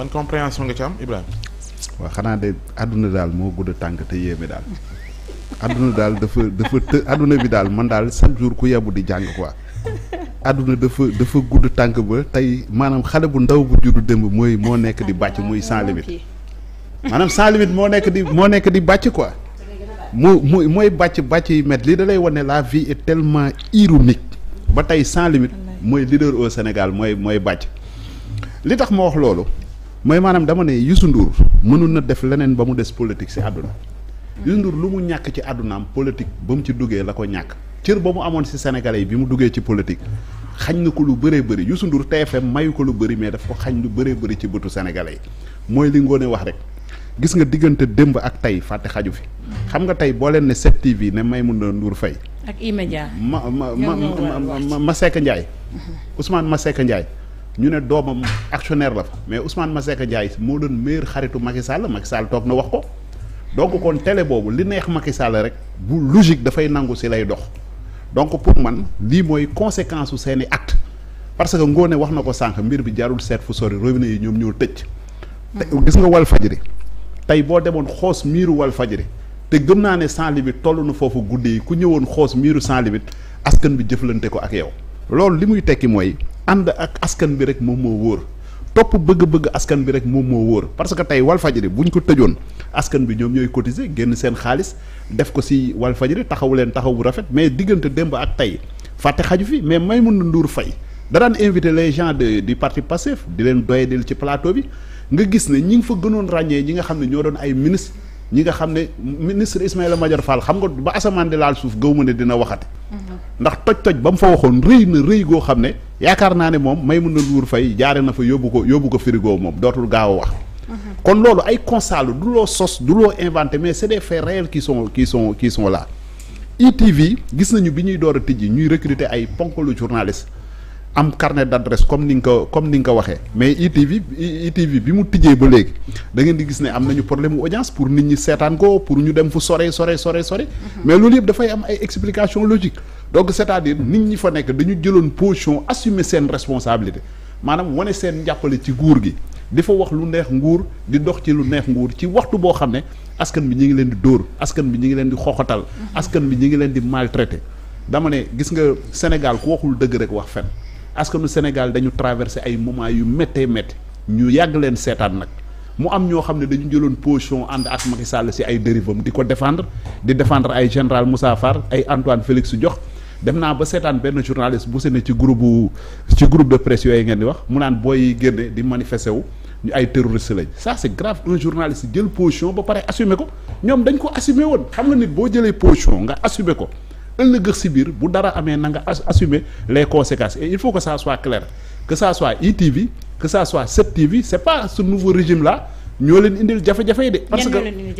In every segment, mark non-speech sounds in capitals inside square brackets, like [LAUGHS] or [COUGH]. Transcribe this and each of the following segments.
ban compréhension ci am Ibrahima. waaw xanaa de àdduna daal moo gudd tànk te yéeme daal. àdduna daal dafa dafa të àdduna bi daal man daal chaque jour ku yebu di jàng quoi. àdduna dafa dafa gudd tànk ba tey maanaam xale bu ndaw bu juddu démb mooy moo nekk di bàcc muy sans limite. Ah, maanaam sans limite moo nekk di moo nekk di bàcc quoi. mu mu mooy bàcc bàcc yi met li da lay wane la vie est tellement ironique ba tey sans limite mooy leader au Sénégal mooy mooy bàcc li tax ma wax loolu. mooy maanaam dama ne Youssou Ndour mënul na def leneen ba mu des politique si àdduna Youssou Ndour lu mu ñàkk ci àddunaam politique ba mu ci duggee la ko ñàkk cër ba mu amoon si sénégalais bi mu duggee ci politique xañ na ko lu bëree bëri Youssou Ndour TFM mayu ko lu bëri mais daf ko xañ lu bëree bëri ci bëtu sénégalais mooy li Ngoné wax rek gis nga diggante démb ak tey fàtte xaju fi xam nga tey boo leen ne 7TV ne Maimouna Ndour Faye ak Imedia ma ma ma sekk njaay Ndiaye [LAUGHS] Ousmane Maseka Ndiaye ñu ne doomam actionnaire la fa mais ma Masseck Ndiaye moo doon meilleur xaritu Macky Sall Macky Sall toog na wax ko donc kon télé boobu li neex Macky Sall rek bu logique dafay nangu si lay dox donc pour man lii mooy conséquence su seeni acte parce que ngoone wax na ko sànq mbir bi jarul seet fu sori robinet yi ñoom ñoo tëj. Mm. gis nga wal faj fajri tey boo demoon xoos miiru wal fajri te gën naa ne sans limite toll na foofu guddee yi ku ñëwoon xoos miiru sans limite askan bi jëflante ko ak yow loolu li muy tekki mooy. ànd ak askan bi rek moom moo wóor topp bëgg-bëgg askan bi rek moom moo wóor parce que tey Walfadjri bu ñu ko tëjoon askan bi ñoom ñooy cotiser génn seen xaalis def ko si Walfadjri taxaw leen taxaw bu rafet mais diggante démb ak tey fàtte xaju fi mais may mun Ndour Faye da daan invité les gens de du parti Pastef di leen doyadil ci plateau bi nga gis ne ñi nga fa gënoon ràññee ñi nga xam ne ñoo doon ay ministre ñi nga xam ne ministre Ismaïla major Fall xam nga ba asamaan di laal suuf gëw ma ne dina waxati. Mhm. ndax toj-toj ba mu fa waxoon goo xam ne. yaakaar naa ne moom may mun na Ndour fay jaare na fa yóbbu ko yóbbu ko frigo moom dootul gaaw a wax kon loolu ay constat du loo sos du loo inventé mais c'est des faits réels qui sont qui sont qui sont gis nañu bi ñuy door a tijji ñuy recruter ay ponkalu journaliste am carnet d'adresse comme ni nga ko comme ni nga ko waxee mais ITV ITV bi mu tijjee ba léegi da ngeen di gis ne am nañu problème mu audience pour nit ñi seetaan ko pour ñu dem fu sore sore sore sore mhm. mais loolu yëpp dafay am ay explication logique donc cest à nit ñi fa nekk dañu jëloon position assumer seen responsabilité maanaam wane seen njàppale ci guur gi di fa wax lu neex nguur di dox ci lu neex nguur ci waxtu boo xam ne askan bi ñu ngi leen di dóor askan bi ñu ngi leen di xoxatal mhm. askan bi ñu ngi leen di maltraité dama ne gis nga Sénégal ku dëgg rek wax fen askanu Sénégal dañu traversé ay moments yu méttee métti ñu yàgg leen seetaan nag mu am ñoo xam ne dañu jëloon position ànd ak Macky Sall si ay dérivam di ko défendre di défendre ay général Moussa Fall ay Antoine Félix jox dem naa ba seetaan benn journaliste bu se ne ci groupe ci groupe de presse yooyu ngeen di wax mu naan booy yi di manifester wu ñu ay terroriste lañ ça c'est grave un journaliste jël position ba pare assumer ko ñoom dañ ko assumé woon xam nga boo jëlee position nga assumer ko ëllëg si biir bu dara amee na nga assumer les conséquences et il faut que ça soit clair que ça soit ITV que ça soit 7TV c'est pas ce nouveau régime la ñoo leen indil jafe-jafe yi de. parce que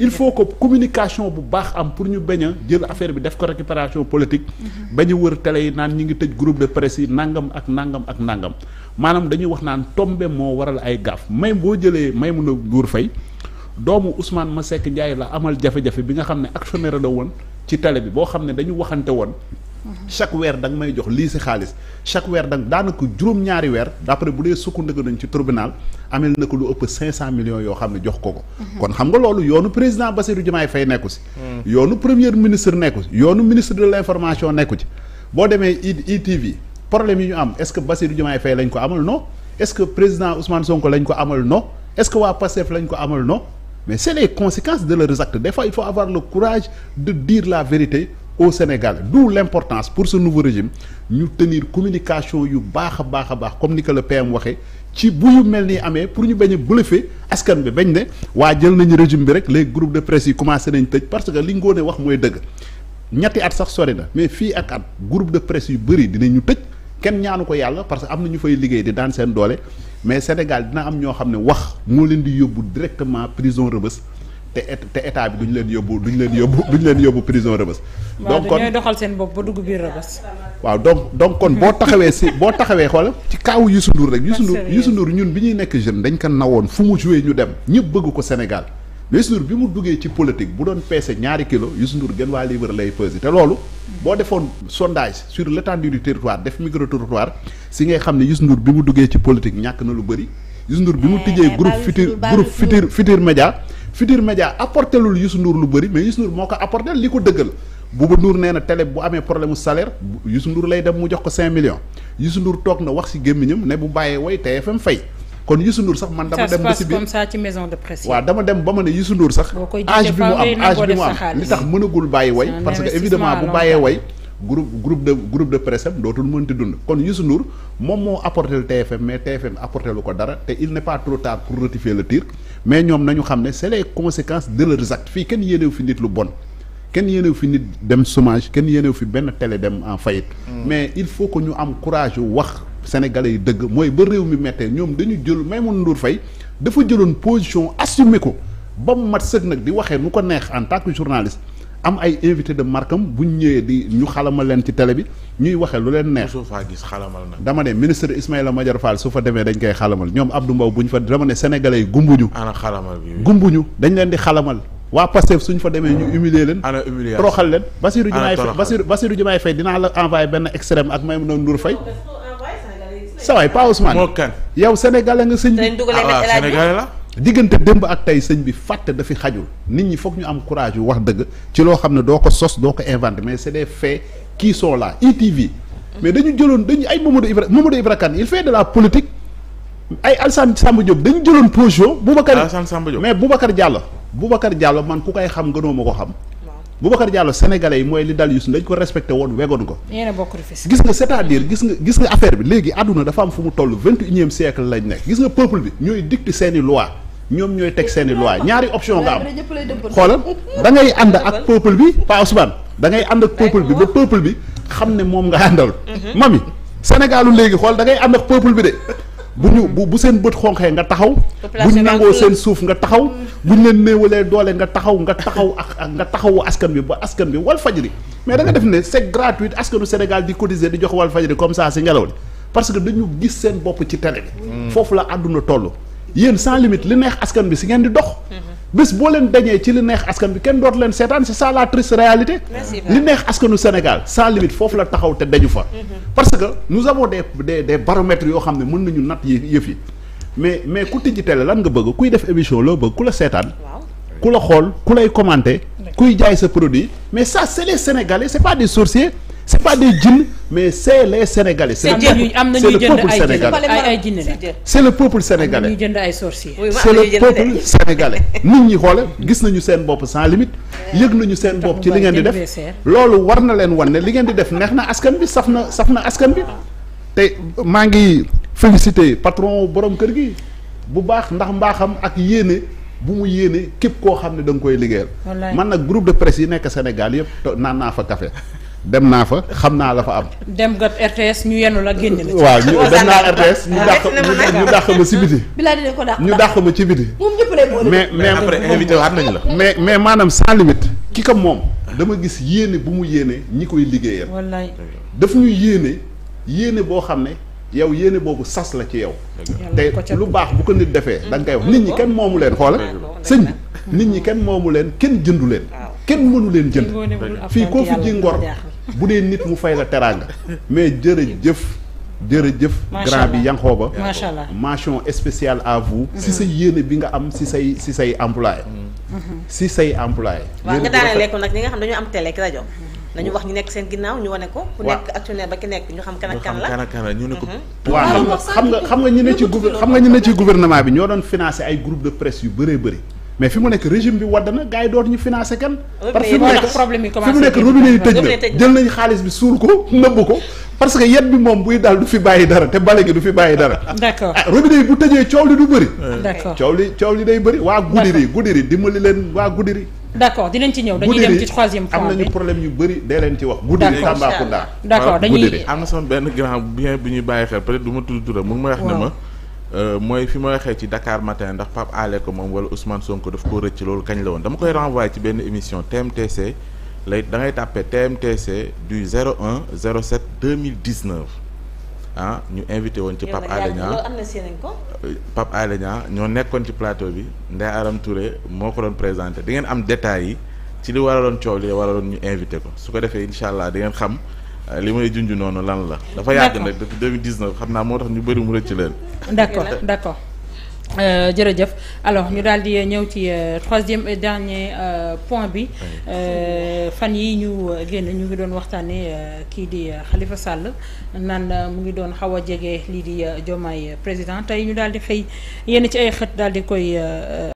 il faut que communication bu baax am pour ñu bañ a jël affaire bi def ko récupération politique. Mm-hmm. bañu a wër télé yi naan ñi ngi tëj groupe de presse yi nangam ak nangam ak nangam maanaam dañuy wax naan tombe moo waral ay gaaf may boo jëlee may mun a buur fay doomu Ousmane Masseck Ndiaye la amal jafe bi nga xam ne actionnaire la woon. ci tale bi boo xam ne dañu waxante woon chaque weer da nga may jox lii si xaalis chaque weer da nga daanaka juróom-ñaari weer d'après bu dee sukkandiku nañ ci tribunal amel na ko lu ëpp cent millions yoo xam ne jox ko ko. Mhm. kon xam nga loolu yoonu président Bassirou Diomaye Faye nekku si. Mhm. yoonu premier ministre nekku si yoonu ministre de l'information nekku ci. boo demee ITV problème yi ñu am est-ce que Bassirou Diomaye Faye lañ ko amal non est-ce que président Ousmane Sonko lañ ko amal non est-ce que waa Pastef lañ ko mais c'est les conséquences de leurs actes des fois il faut avoir le courage de dire la vérité au Sénégal d'où l'importance pour ce nouveau régime ñu tenir communication yu baax a baax a baax comme ni ko le PM waxee ci bu yu mel ni amee pour ñu bañ a bluffer askan bi bañ ne waa jël nañu régime bi rek les groupes de presse yi commencé nañ tëj parce que li Ngoné wax mooy dëgg ñetti at sax sori na mais fii ak at groupe de presse yu bëri dinañu tëj kenn ñaanu ko yàlla parce que am na ñu fay liggéey di daan seen doole mais Sénégal dina am ñoo xam ne wax moo leen di yóbbu directement prison rëbës te te état bi duñu leen yóbbu duñ leen yóbbu duñ leen yóbbu prison rëbës. donc kon ñooy doxal seen bopp ba waaw donc donc kon boo taxawee si boo taxawee xoola ci kaawu Youssou Ndour rek. Youssou Ndour Youssou Ndour ñun bi ñuy nekk jeune dañ ko nawoon fu mu joué ñu dem ñëpp bëgg ko Sénégal. Youssou Ndour bi mu duggee ci politique bu doon peese ñaari kilo Youssou Ndour gën waa livre lay peser te loolu boo defoon sondage sur l'étendue du territoire def micro territoire si ngay xam ne Youssou Ndour bi mu duggee ci politique ñàkk na lu bëri Youssou Ndour bi mu eh, tijjee eh, groupe futur groupe futur futur média futur média apporté lul Youssou Ndour lu bëri mais Youssou Ndour moo ko apporté li ko dëggal Bouba Ndour nee na tele bu amee problème mu salaire Youssou Ndour lay dem mu jox ko 5 millions Youssou Ndour toog na wax si gémmiñam ne bu bàyyee way TFM fay kon Youssou nur sax man dama dem ba si biir comme dama dem ba ma ne Youssou Ndour sax âge bi mu am âge bi mu am li tax mënagul bàyyi way parce que évidemment bu bàyyee way groupe groupe de groupe de presse am mënti dund kon Youssou nur moom moo apporté le TFM mais TFM apporté lu ko dara te il n' est pas trop tard pour rectifier le tir mais ñoom nañu xam ne c' est les conséquences de leurs actes fii kenn yéenewu fi nit lu bon kenn yéenewu fi nit dem chômage kenn yéenewu fi benn télé dem en faillite hmm. mais il faut que ñu am courage wax sénégalais yi dëgg mooy ba réew mi mettee ñoom dañu jël Maimouna Ndour Faye dafa jëloon position assumé ko ba mu mat sëg nag di waxee nu ko neex en tant que journaliste am ay invité de marque am bu ñëwee di ñu xalamal leen ci télé bi ñuy waxee lu leen neex. faa dama ne ministre Ismaïla Madior Fall su fa demee dañ koy xalamal ñoom Abdou Mbow bu ñu fa dama ne sénégalais yi gumbuñu. gumbuñu dañ leen di xalamal. waa Pastef suñ fa demee ñu humilier leen. ana humilier toroxal leen. ana toroxal Bassirou Diomaye Faye Bassirou Diomaye Faye dinaa la envoyé sa waay Pa Ousmane moo kan yow sénégalais nga sëñ bi ah, diggante démb ak tey sëñ bi fàtte dafi xajul nit ñi foog ñu am courage yu wax dëgg ci loo xam ne doo ko sos doo ko inventé mais c'est des faits kii sont là mais dañu jëloon dañu ay Mamadou Ibra Mamadou Ibra Kane il fait de la politique ay Alassane Samba Diop dañu jëloon projet Boubacar Alassane Samba Diop mais Boubacar Diallo Boubacar Diallo man ku koy xam gënoo ma ko xam Boubacar Diallo sénégalais yi mooy li dal Youssou dañ ko respecté woon wegoon ko gis nga c'est-à-dire gis nga gis nga affaire bi léegi àdduna dafa am fu mu tollu vingt-et-unième siècle lañ nekk gis nga peuple bi ñooy dicte seeni loi ñoom ñooy teg seeni loi ñaari option nga am xoolal da ngay ànd ak peuple bi Pa Ousmane da ngay ànd ak peuple bi ba peuple bi xam ne moom nga àndal mhm. mami Sénégalu léegi xool dangay ngay ànd ak peuple bi de bu ñu bu seen bët xonqee nga taxaw bu ñu nangoo seen suuf nga taxaw bu ñu leen néewalee doole nga taxaw nga taxaw ak nga taxawu askan bi ba askan bi wal fajri mais danga nga def ne c'est gratuit askanu Sénégal di cotisé di jox wal faj fajri comme ça si ngelaw li parce que dañu gis seen bopp ci télé bi mm. foofu la àdduna toll yéen sans limite li neex askan bi si ngeen di dox mm-hmm. bés boo leen dañee ci li neex askan bi kenn dootu leen seetaan c'est ça la triste réalité li neex askanu Sénégal sans limite foofu la taxaw te dañu fa mhm. parce que nous avons des des des baromètres yoo xam ne mën nañu natt yi yëf yi mais mais ku tijji télé lan nga bëgg kuy def émission loo bëgg ku la seetaan ku la xool ku lay commenter kuy jaay sa produit mais ça c'est les Sénégalais c'est pas des sorciers c' est pas des djinns mais c' est les sénégalais. c' est le peuple sénégalais c' est le peuple sénégalais. c' est le peuple sénégalais. nit ñi xoole gis nañu seen bopp sans limite. yëg nañu seen bopp ci li ngeen di def loolu war na leen wan ne li ngeen di def neex na askan bi saf na saf na askan bi. te maa ngi félicité patron boroom kër gi bu baax ndax mbaaxam ak yéene. bu mu yéene képp koo xam ne da nga koy liggéeyal man nag groupe de presse yi nekk Sénégal yëpp naan naa fa café dem naa fa xam naa la fa am. dem nga RTS ñu yenu la génn la. waaw dem naa RTS ñu ah, dàq ma ci biti. bilaa ko dàq ñu dàq ma ci biti. moom ñëpp mais mais après invité waat nañ la. mais mais maanaam sans limite. ki ko moom dama gis yéene bu mu yéenee ñi koy liggéeyal. wallaay daf ñu yéene yéene boo xam ne yow yéene boobu sas la ci yow. te lu baax bu ko nit defee. Mm. da nga nit ñi kenn moomu leen xoola sëñ nit ñi kenn moomu leen kenn jëndu leen. kenn mënu leen jënd. fii koo fi ji ngor bu dee nit mu fay la teraanga mais jërëjëf jërëjëf grand bi Yankhoba macha allah mention spéciale à vous mm-hmm. si sa yéene bi nga am si say si say employé mm-hmm. si say employé waaw nga daanalee ko nag ñi nga xam dañu am télé ak rajo mm-hmm. nañu wax ñu nekk seen ginnaaw ñu wane ko ku nekk actionnaire ba ki nekk ñu xam kan ak kan la ñu ne ko waaw xam nga xam nga ñu ne ci gouver xam nga ñu ne ci gouvernement bi ñoo doon financé ay groupe de presse yu bëree bëri mais fi mu nekk régime bi wadd na gars yi dootuñu kenn. parce que fi mu nekk problème yi tëj na jël nañ xaalis bi suur ko nëbb ko. parce que yet bi moom buy daal du fi bàyyi dara te bale gi du fi bàyyi dara. d'accord ah, robinet yi bu tëjee coow li du bëri. d'accord coow li coow li day bëri. waa Goudiry Goudiry dimbali leen waa Goudiry. d'accord dinañ ci ñëw dañuy dem ci troisième point bi am nañu problème yu bëri dee leen ci wax. Goudiry Tambacounda. d'accord ah, dañuy am na sama benn grand bien bi ñuy bàyyi xel peut-être du Euh, mooy fi ma waxee ci Dakar matin ndax Pape Alé ko moom wala Ousmane Sonko daf ko rëcc loolu kañ la woon dama koy renvoyé ci benn émission TMTC lay da ngay tàppe TMTC du mille 07 2019 ah ñu invité woon ci euh, Pape Alé Niang Pape Alé ñoo nekkoon ci plateau bi Ndeye Aram Touré moo ko doon présenté di ngeen am détails yi ci li waraloon coow li waraloon ñu invité ko su ko defee incha allah di ngeen xam li may junj noonu lan la. dafa yàgg nag depuis 2019 xam naa moo tax ñu bëri mu rëcc leen. d'accord [LAUGHS] d'accord euh, jërëjëf alors ñu daal di ñëw ci euh, troisième et dernier euh, point bi fan yi ñu génn ñu ngi doon waxtaane kii di Khalifa sàll nan mu ngi doon xaw a jege lii di Diomaye président tey ñu daal di xëy yenn ci ay xët daal di koy.